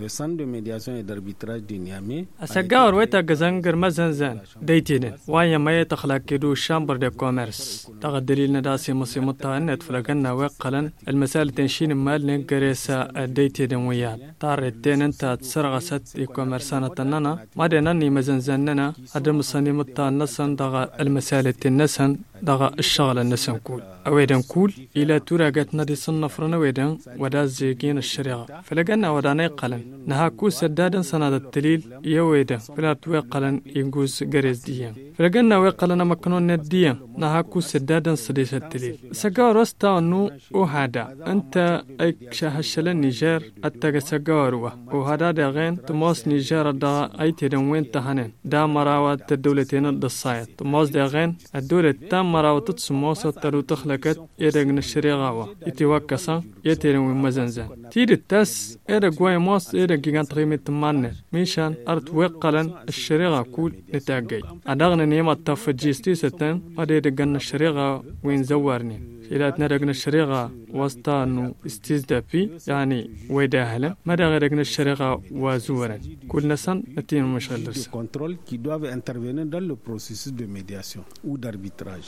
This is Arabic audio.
le centre de médiation et d'arbitrage de Niamey asagawar weta gazangar mazanzan daitine waya maye تخلاكدو شامبر دي كوميرس تغ دليل نداسي مصيمتا انت فلقنا وقلا المسائل تنشين مال نقريسا ديتين ويان تارتين انت تسرغست اي كوميرسانة تننا ما ديناني مزنزننا ادم صنيمتا نسن تغ المسائل تنسن داغا الشغل النسان كول اويدان كول الى تورا قد نادي صنفرنا ويدان ودا زيقين الشريعة فلقنا ودا نيقلن نها كو سدادا سناد التليل يا ويدان فلا تويقلن ينقوز غريز ديان فلقنا ويقلن مكنون ند ديان نها كو سدادا سديس التليل ساقا رستا انو او هادا انت ايك شاهشل نيجير اتاق ساقا وروا او هادا داغين تموس نيجير دا اي تيدن وين تهانين دا مراوات الدولتين الدصايا تموس داغين الدولة تام مرا و تت سموسا ترو تخلقت ايرق نشري غاوة اتي وكسا يتيرن ومزنزا تير التاس ايرق غواي موس ايرق جيغان تغيمي تمانن ميشان ارت ويقلن الشري كول نتاقي اداغن نيما التفجي ستيستن ار ايرق نشري غاوة وين زوارنين إلى أن رجنا الشريعة وستانو استزدابي يعني ويداهلا ما دا رجنا الشريعة وزورا كل نسان نتين مشغل درس كنترول كي دواب انترفينن دال لو بروسيس دو ميدياسيون او داربيتراج